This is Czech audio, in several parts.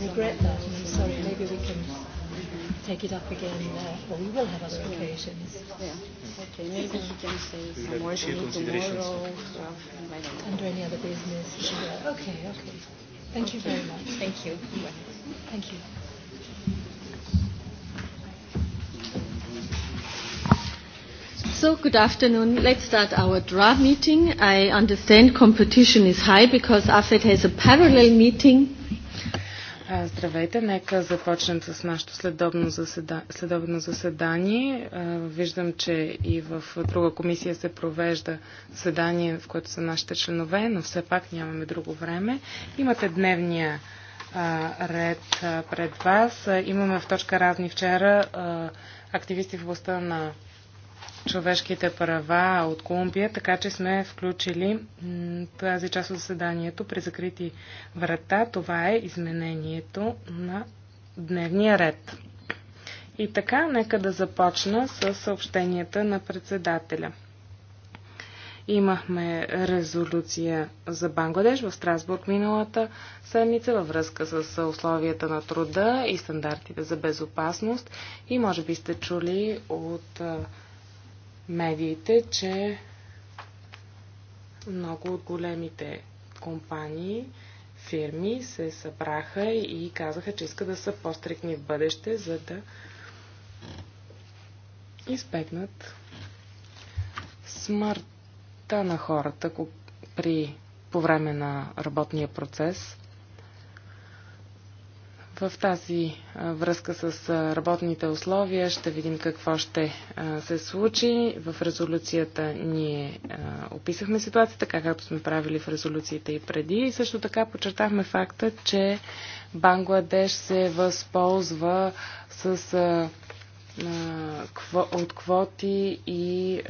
I regret that, I'm sorry. Maybe we can take it up again. Uh, well, we will have other occasions. Yeah. Okay. Maybe you can say some more to me tomorrow. Under any other business. Sure. Okay. Okay. Thank okay. you very much. Thank you. Thank you. So, good afternoon. Let's start our draft meeting. I understand competition is high because AFED has a parallel meeting Здравейте, нека започнем с нашето следобно, заседа... следобно заседание. Виждам, че и в друга комисия се провежда заседание, в което са нашите членове, но все пак нямаме друго време. Имате дневния ред пред вас. Имаме в точка разни вчера активисти в областта на човешките права от Колумбия, така че сме включили тази част от заседанието при закрити врата. Това е изменението на дневния ред. И така, нека да започна с съобщенията на председателя. Имахме резолюция за Бангладеш в Страсбург миналата седмица във връзка с условията на труда и стандартите за безопасност. И може би сте чули от медиите, че много от големите компании, фирми се събраха и казаха, че искат да са по-стрикни в бъдеще, за да изпекнат смъртта на хората при, по време на работния процес В тази връзка с работните условия ще видим какво ще се случи. В резолюцията ние описахме ситуацията, така както сме правили в резолюциите и преди. И също така подчертахме факта, че Бангладеш се възползва с от квоти и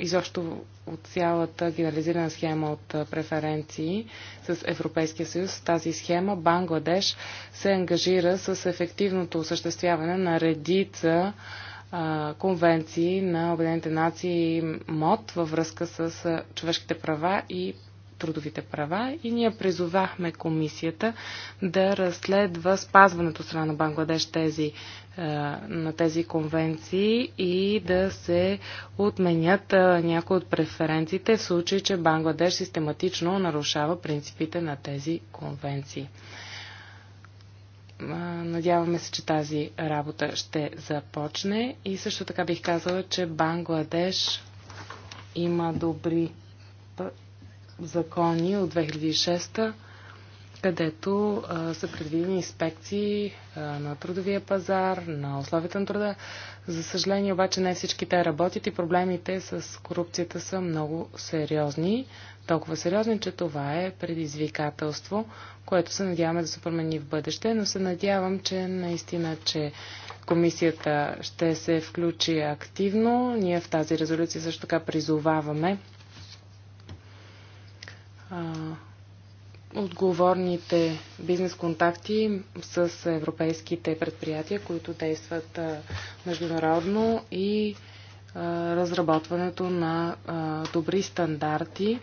изобщо от цялата генерализирана схема от преференции с Европейския съюз. Тази схема Бангладеш се ангажира с ефективното осъществяване на редица конвенции на Обединените нации и МОД във връзка с човешките права и трудовите права и ние призовахме комисията да разследва спазването страна на Бангладеш тези на тези конвенции и да се отменят някои от преференциите в случай, че Бангладеш систематично нарушава принципите на тези конвенции. Надяваме се, че тази работа ще започне и също така бих казала, че Бангладеш има добри закони от 2006 където са предвидени инспекции на трудовия пазар, на условията на труда. За съжаление обаче не всички те работят и проблемите с корупцията са много сериозни. Толкова сериозни, че това е предизвикателство, което се надяваме да се промени в бъдеще, но се надявам, че наистина, че комисията ще се включи активно. Ние в тази резолюция също така призоваваме отговорните бизнес контакти с европейските предприятия, които действат международно и разработването на добри стандарти,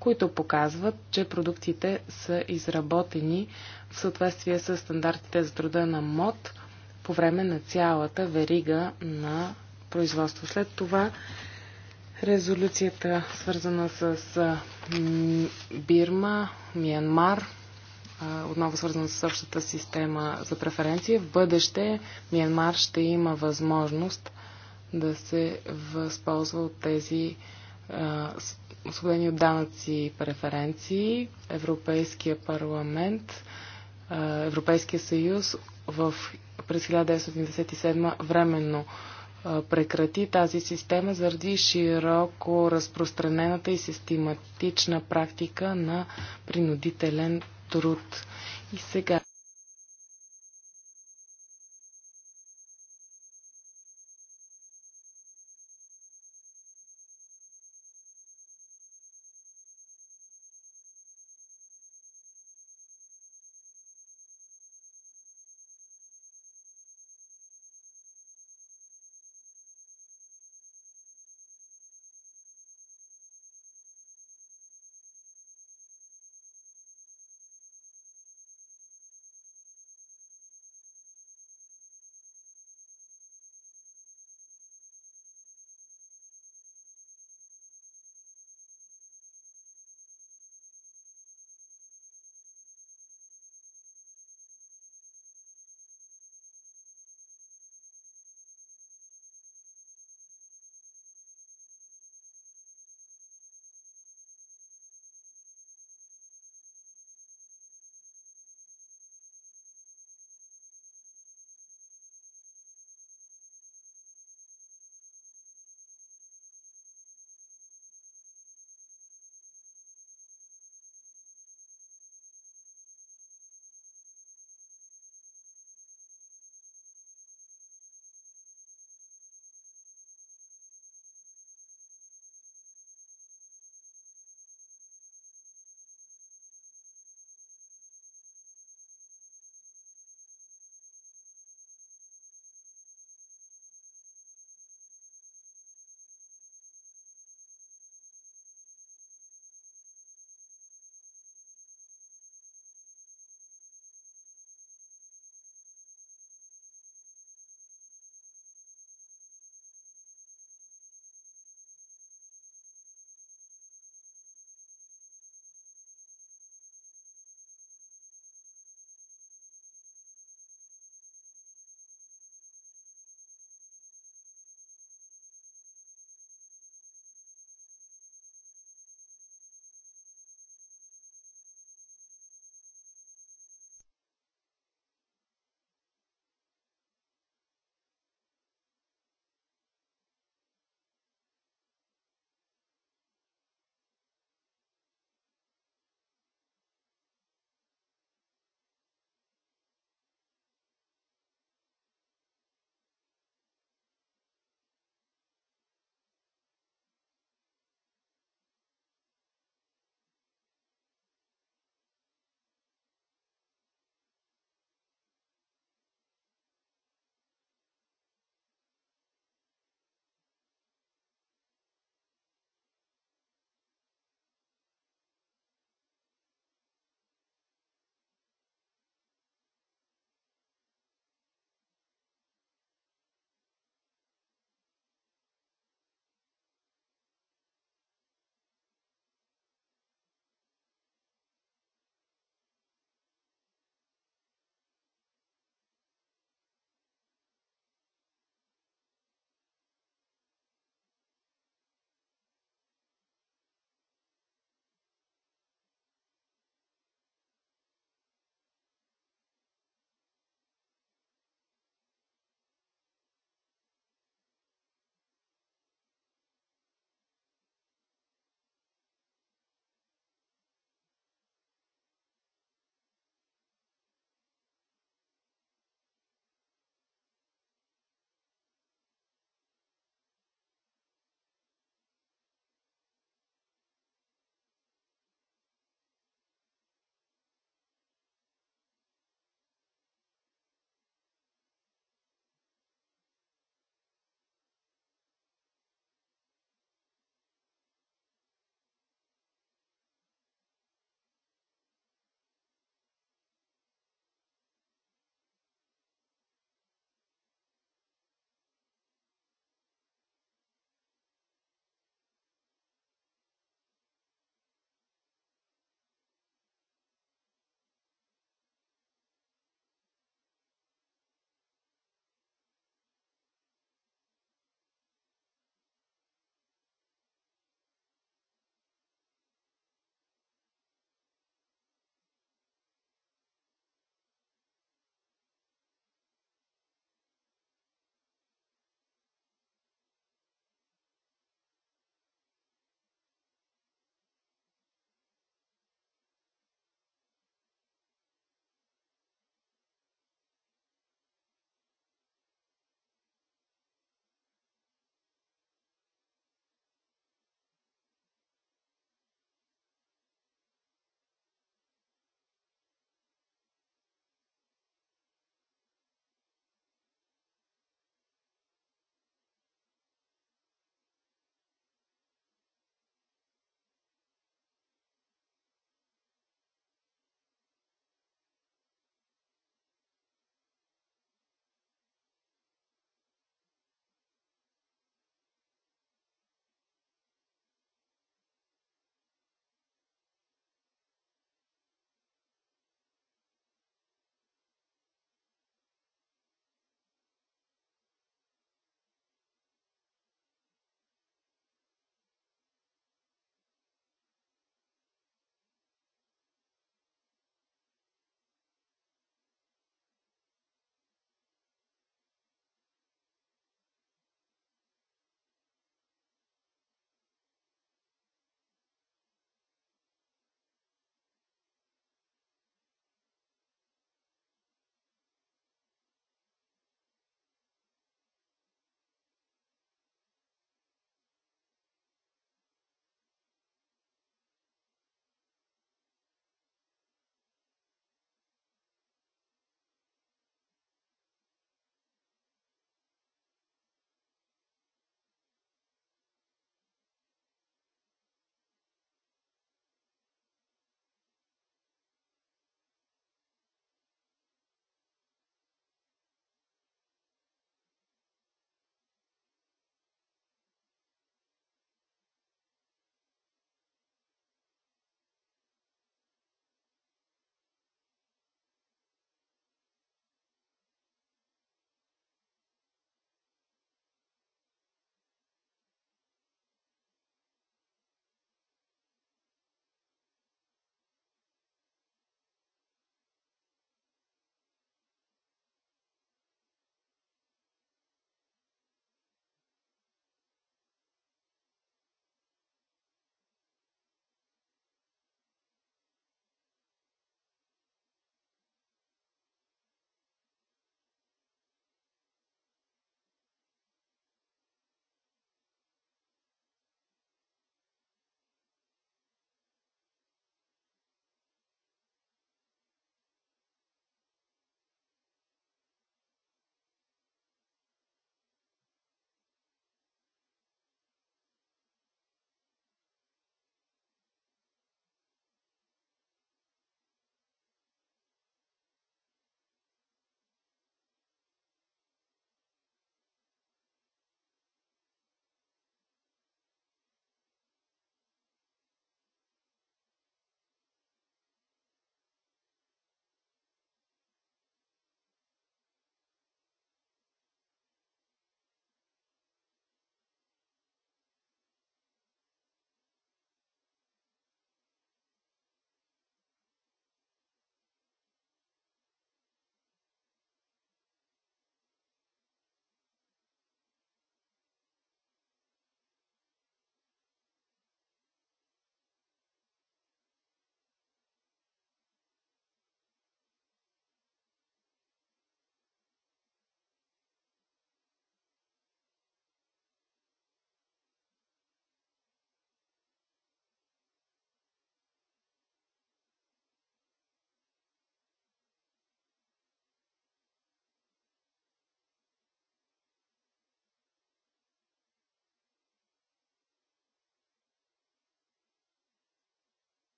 които показват, че продуктите са изработени в съответствие с стандартите за труда на МОД по време на цялата верига на производство. След това резолюцията, свързана с Бирма, Миянмар, отново свързана с общата система за преференции. В бъдеще Миянмар ще има възможност да се възползва от тези освободени от данъци преференции. Европейския парламент, Европейския съюз в през 1997 временно прекрати тази система заради широко разпространената и систематична практика на принудителен труд. И сега